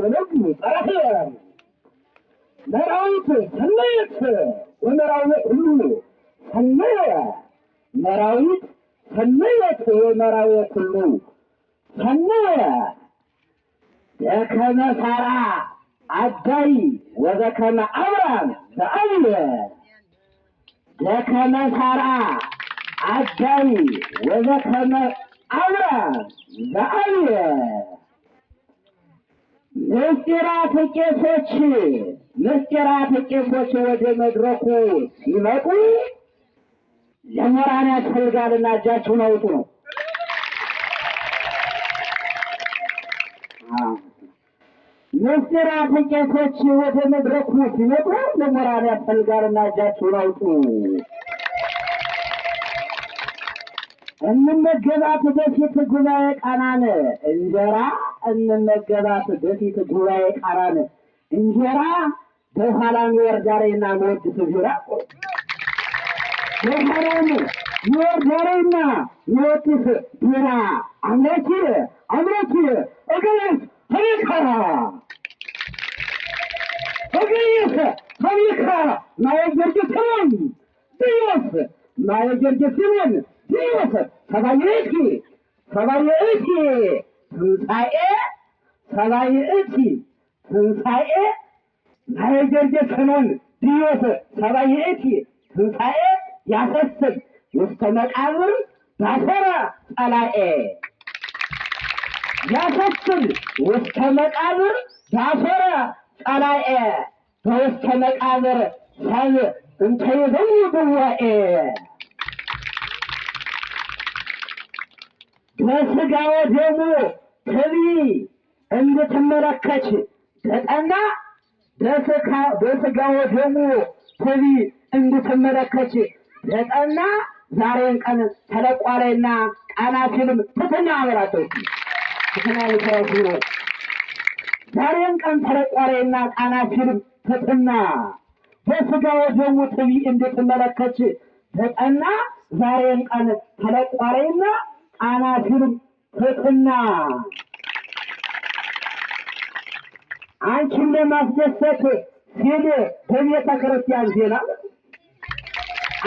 ወነግ ጠራፊ መራዊት ሰናየት ወመራዊት ሁሉ ሰናያ መራዊት ሰናየት ወመራዊት ሁሉ ሰናያ የከመ ሳራ አዳይ ወዘከመ አብራም ዘአብየ የከመ ሳራ አዳይ ወዘከመ አብራም ዘአብየ ምስጢራተ ቄሶች ምስጢራተ ቄሶች ወደ መድረኩ ሲመጡ ያስፈልጋልና እጃችሁን አውጡ ነው። ምስጢራተ ቄሶች ወደ መድረኩ ሲመጡ ያስፈልጋልና እጃችሁን አውጡ። እንመገባት በፊት ጉባኤ ቃናነ እንጀራ እንመገባት በፊት ጉባኤ ቃራን እንጀራ በኋላ ወርዳሬና መወድስ ቢራ የሐራም የወርዳሬና መወድስ ቢራ አምላኪ አምላኪ እገየስ ተሚካራ እገየስ ተሚካራ ማየጀርጅ ስሞን ዲዮስ ማየጀርጅ ስሞን ዲዮስ ሰባየኪ ሰባየኪ ትንሣኤ ሰባይእቲ ትንሣኤ ማየጀርጀ ሰኖን ድዮት ሰባይእቲ ትንሣኤ ያሰስብ ውስተ መቃብር ባሰራ ጸላኤ ያሰስብ ውስተ መቃብር ባሰራ ጸላኤ በውስተ መቃብር ሰብ እንተይዘው ብዋኤ በስጋው ደሙ ትቢ እንድትመለከች ተጠና በስጋው ደሙ ትቢ እንድትመለከች ተጠና። ዛሬን ቀን ተለቋላይና ቃና ሲልም ትትና አበራቸው ትትና ልሰራች ነው። ዛሬን ቀን ተለቋላይና ቃና ሲልም ትትና በስጋው ደሙ ትቢ እንድትመለከች ተጠና። ዛሬን ቀን ተለቋላይና አናትን ተቅና አንቺን ለማስደሰት ሲል በቤተ ክርስቲያን ዜና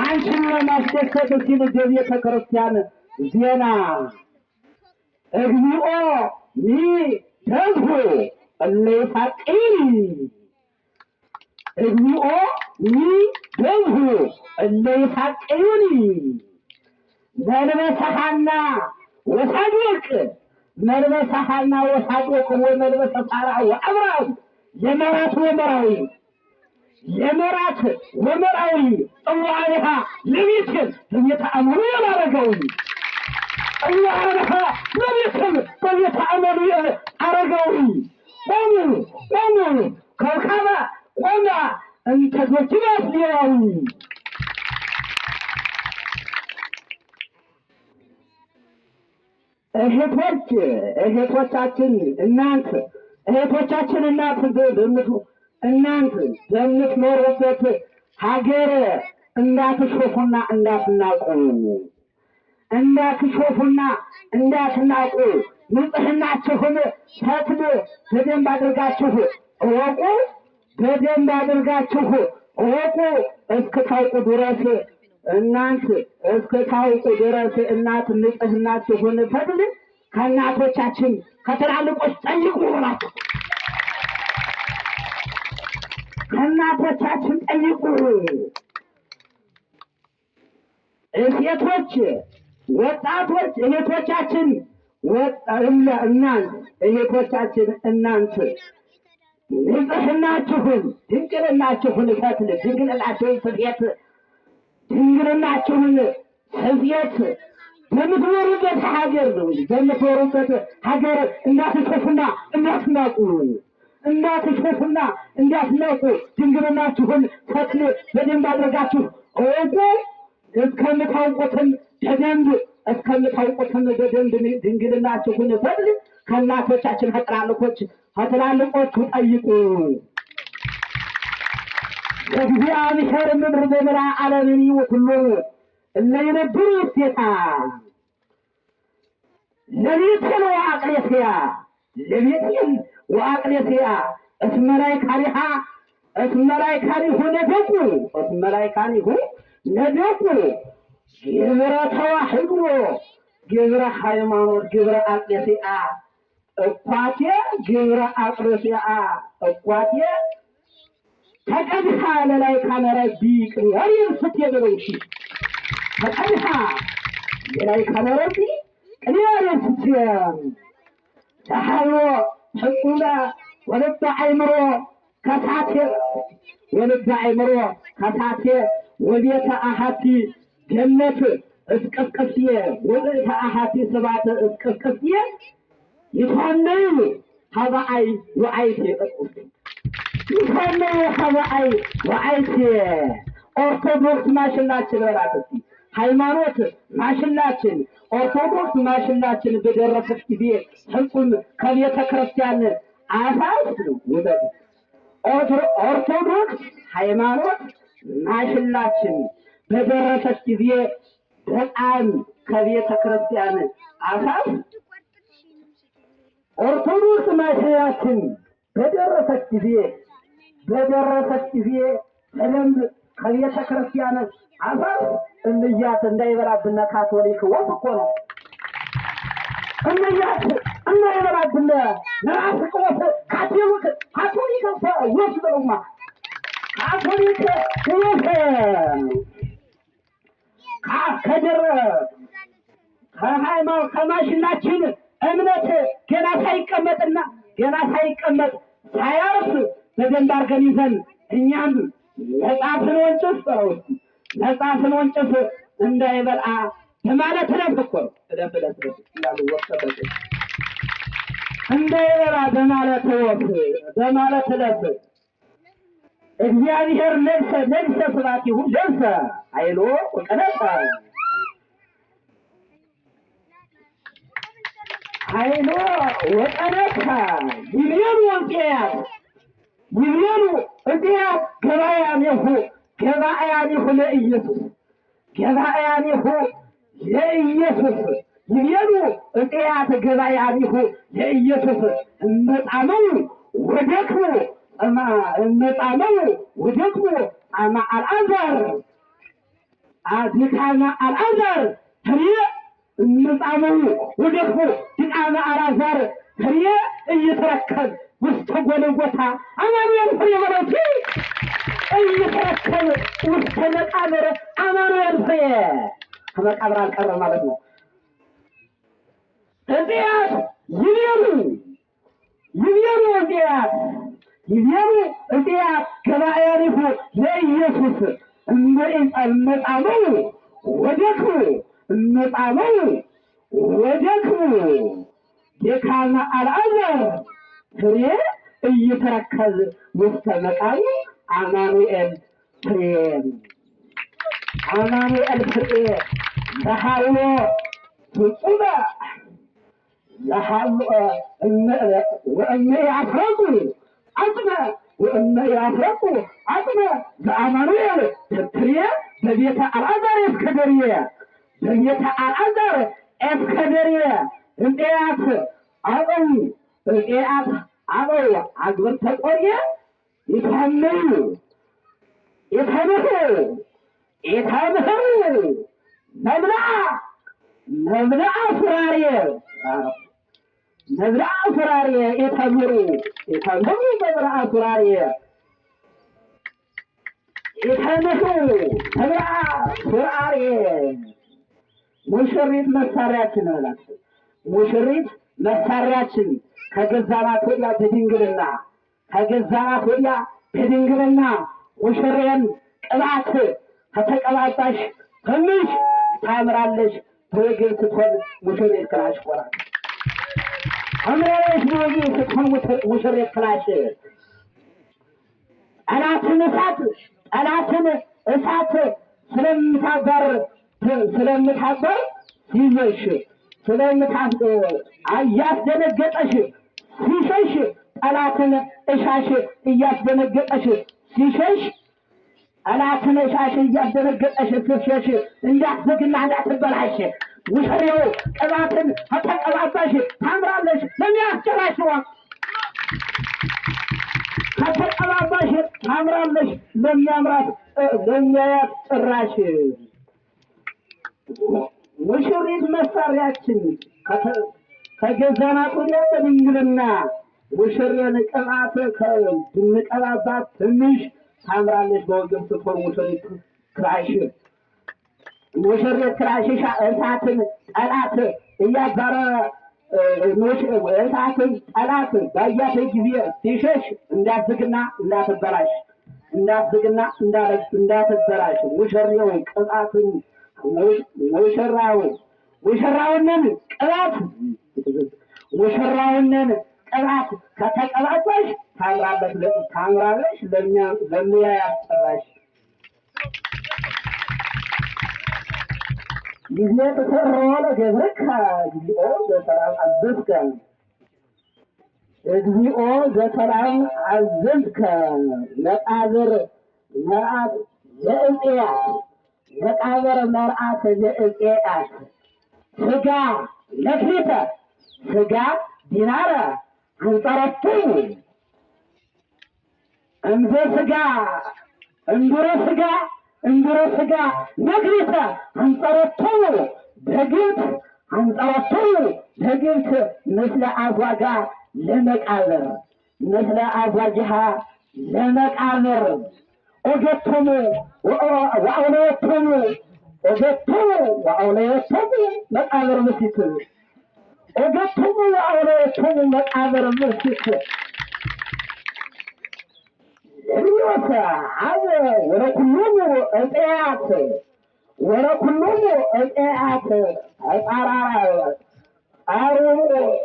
አንቺን ለማስደሰት ሲል በቤተ ክርስቲያን ዜና እግዚኦ ይ ደጉ እለይታቂ እግዚኦ ይ ደጉ እለይታቂኒ መልበሰሃና ወሳዶቅ መልበሰሃና ወይ ወመልበሰ ጣራ ወአብራም የመራት ወመራዊ የመራት ወመራዊ ጥዋአንሃ ለቤትም በቤተ አመሉ የማረገዊ ጥዋአንሃ ለቤትም በቤተ አመሉ አረገዊ ቆሙ ቆሙ ቆማ እንተ ዶኪማስ እህቶች እህቶቻችን እናንት እህቶቻችን እናንት እናንት በምትኖሩበት ሀገር እንዳትሾፉና እንዳትናቁ እንዳትሾፉና እንዳትናቁ ንጽህናችሁን ፈትሉ በደንብ አድርጋችሁ እወቁ። በደንብ አድርጋችሁ እወቁ። እስክታውቁ ድረስ እናንት እስከ ታውቁ ድረስ እናት ንጽህ እናት ሲሆን ፈድል ከእናቶቻችን ከትላልቆች ጠይቁ ይሆናል። ከእናቶቻችን ጠይቁ። ሴቶች ወጣቶች እህቶቻችን እናንት እህቶቻችን እናንት ንጽህናችሁን ድንቅልናችሁን ፈትል ድንግልናችሁን ስፌት ድንግልናችሁን ህዝየት በምትኖሩበት ሀገር ነው በምትኖሩበት ሀገር እንዳትሸፉና እንዳትናቁ እንዳትሸፉና እንዳትናቁ ድንግልናችሁን ፈትል በደንብ አድርጋችሁ እወቁ። እስከምታውቁትን በደንብ እስከምታውቁትን በደንብ ድንግልናችሁን ፈትል ከእናቶቻችን ከትላልቆች ከትላልቆቹ ጠይቁ። እግዚአብሔር ምድር ዘመራ ዓለምን ይወክሉ እለ ይነብሩ እሴታ ለቤትነ ወአቅሌስያ ለቤትም ወአቅሌስያ እስመ ላይካኒሃ እስመ ላይካኒሁ ነደቁ እስመ ላይካኒሁ ነደቁ ግብረ ተዋሕዶ ግብረ ሃይማኖት ግብረ አቅሌስያ እኳቴ ግብረ አቅሌስያ እኳቴ ተቀድሓ ለላይካ ነረቢ ቅንበር የንስት የበበይቲ ተቀድሓ ለላይካ ነረቢ ቅንበር የንስት ፀሓዮ ሕቁለ ወለባ ዓይምሮ ከሳቴ ወለባ ዓይምሮ ከሳቴ ወቤተ ኣሃቲ ጀነት እስቀስቀስየ ወቤተ ኣሃቲ ሰባተ እስቀስቀስየ ይኮነይ ሃባኣይ ወዓይቴ ቀስቁስኝ ይኸነ ኸበአይ ወአይቲ ኦርቶዶክስ ማሽላችን በላት እስቲ ሃይማኖት ማሽላችን ኦርቶዶክስ ማሽላችን በደረሰች ጊዜ ፍጹም ከቤተ ክርስቲያን አሳት ውበት ኦርቶዶክስ ሃይማኖት ማሽላችን በደረሰች ጊዜ በጣም ከቤተ ክርስቲያን አሳት ኦርቶዶክስ ማሽላችን በደረሰች ጊዜ በደረሰች ጊዜ በደንብ ከቤተ ክርስቲያን አፈር እንያት እንዳይበላብን ካቶሊክ ወፍ እኮ ነው። እንያት እንዳይበላብን ነራስ ቆፍ ካቶሊክ ካቶሊክ ወፍ ብለውማ ካቶሊክ ወፍ ከደረ ከሃይማኖት ከማሽናችን እምነት ገና ሳይቀመጥና ገና ሳይቀመጥ ሳያርፍ በደንብ አድርገን እኛም መጽሐፍን ወንጭፍ በለው መጽሐፍን ወንጭፍ እንዳይበልአ በማለት እንዳይበላ በማለት ወፍ በማለት እግዚአብሔር ለብሰ ለብሰ ለብሰ አይሎ አይሎ ወቀነጠ يبينو انتيا كذا يا ميخو كذا يا ميخو لإيسوس كذا يا ميخو لإيسوس يبينو انتيا كذا يا ميخو لإيسوس المطعمو ودكو أما المطعمو ودكو أما الأنظر أذكرنا الأنظر هي المطعمو ودكو تنعنا الأنظر هي إيسوس ውስተ ጎልጎታ አማኑኤል ፍሬ በለቲ እየተረከበ ውስተ መቃብር አማኑኤል ፍሬ ከመቃብር አልቀረ ማለት ነው። እጽያት ይብየሩ ይብየሩ እጽያት ይብየሩ እጽያት ገባኤሪሁ ለኢየሱስ እመጣመው ወደክሙ እመጣመው ወደክሙ ጌታና አልዓዘር ፍሬ እይተረከዝ ውስተ መቃብር አማኑኤል ፍሬ አማኑኤል ፍሬ ለሃሎ ፍጹመ ለሃሎ ወእመ ያፍረቁ አጥመ ወእመ ያፍረቁ አጥመ በአማኑኤል ፍሬ በቤተ አልዓዛር የፍከደርየ በቤተ አልዓዛር ኤፍከደርየ እንዴያት አጠዊ በቄአት አበው አግብር ተቆየ ይተምር ይተምህር ይተምህር መብላዕ መብላዕ ፍራርየ መብላዕ ፍራርየ ይተምህሩ ይተምህሩ መብላዕ ፍራርየ ይተምህሩ መብላዕ ፍራርየ ሙሽሪት መሳሪያችን አላት ሙሽሪት መሳሪያችን ከገዛናት ወዲያ በድንግልና ከገዛናት ወዲያ በድንግልና ሙሽሬን ቅባት ከተቀባባሽ ትንሽ ታምራለች በወጌ ስትሆን ሙሽሬት ክላሽ ቆራል አምራለች በወጌ ስትሆን ሙሽሬት ክላሽ ጠላትን እሳት ጠላትን እሳት ስለምታበር ስለምታበር ይዘሽ ስለምታበር አያስደነገጠሽ سيشيش ألاتنا إشاشي إياس بنجل أشي سيشيش ألاتنا إشاشي إياس بنجل أشي سيشيشي إياس بنجل أشي سيشيشي وشريو ألاتنا حتى ألاتاشي تامرا لش لم يحجر أشوا حتى ألاتاشي تامرا لش لم يحجر لم يحجر أشي وشريد مساريات ከገዛ ናቁና በድንግልና ሙሽርን ቅባት ብንቀባባት ትንሽ ታምራለች። በወገብ ስትሆን ሙሽሪት ክራሽን ሙሽሪት ክራሽሻ እሳትን ጠላት እያባረ እሳትን ጠላት ባያተ ጊዜ ሲሸሽ እንዳትዝግና እንዳትበላሽ እንዳትዝግና እንዳትበላሽ ሙሽሬውን ቅባትን ሙሽራውን ሙሽራውንን ቅባት ሙሽራውንን ቅባት ከተቀባባሽ ታምራለሽ፣ ለሙያ ያስጠራሽ ጊዜ ተሰረወ ለገብረካ እግዚኦ ዘሰላም አዘዝከ እግዚኦ ዘሰላም አዘዝከ መቃብር መርአት ዘእንጽያት መቃብር መርአት ዘእንጽያት ስጋ ለፊተ ስጋ ዲናረ አንጸረቱኝ እንዘ ስጋ እንዱረ ስጋ እንዱረ ስጋ ነግሪተ አንጸረቱኝ በግብፅ አንጸረቱኝ በግብፅ ምስለ አጓጋ ለመቃብር ምስለ አጓጅሃ ለመቃብር ኦገቶሙ ወአውለየቶሙ ኦገቶሙ ወአውለየቶሙ መቃብር ምስት إذا تقول أنا تقول لك أمر مرتك ريوسا هذا وركلوه الآيات وركلوه الآيات أرى أرى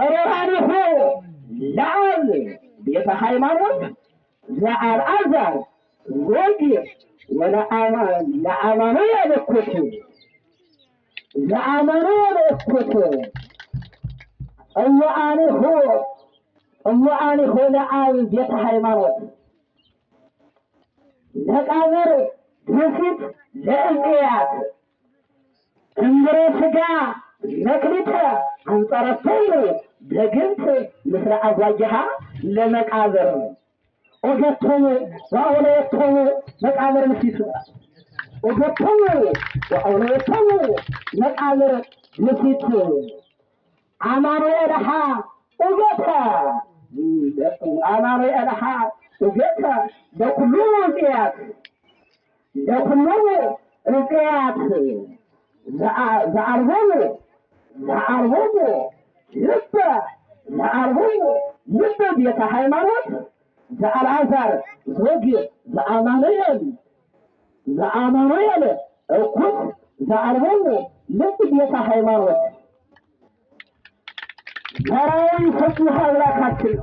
أرى هذا لعل بيت هايمان لعل أزل زوجي ولا أمان لا أمان يا لكوتي ለአመኑ ወለስኩት እወአኒሁ እወአኒሁ ለአብ ቤተ ሃይማኖት ለቃብር ድርፊት ለእንቅያት እንግረ ስጋ መክሊተ አንጸረተይ ለግንት ምስረ አጓጅሃ ለመቃብር ኦገቶሙ ዋኦለየቶሙ መቃብር ምስይቱ وجدتني وأوليتني نقالك نسيتني عمري أدحى وجدتها عمري أدحى وجدتها ده كله رزقياتي ده كله رزقياتي زعروني زعروني لسه زعروني لسه بيت حيمانات زعر عزر زوجي زعر مريم ዘአመኖ ያለ እኩት ዘአልቦሙ ለግዴታ ሃይማኖት ዘራዊ ሰፊ አምላካችን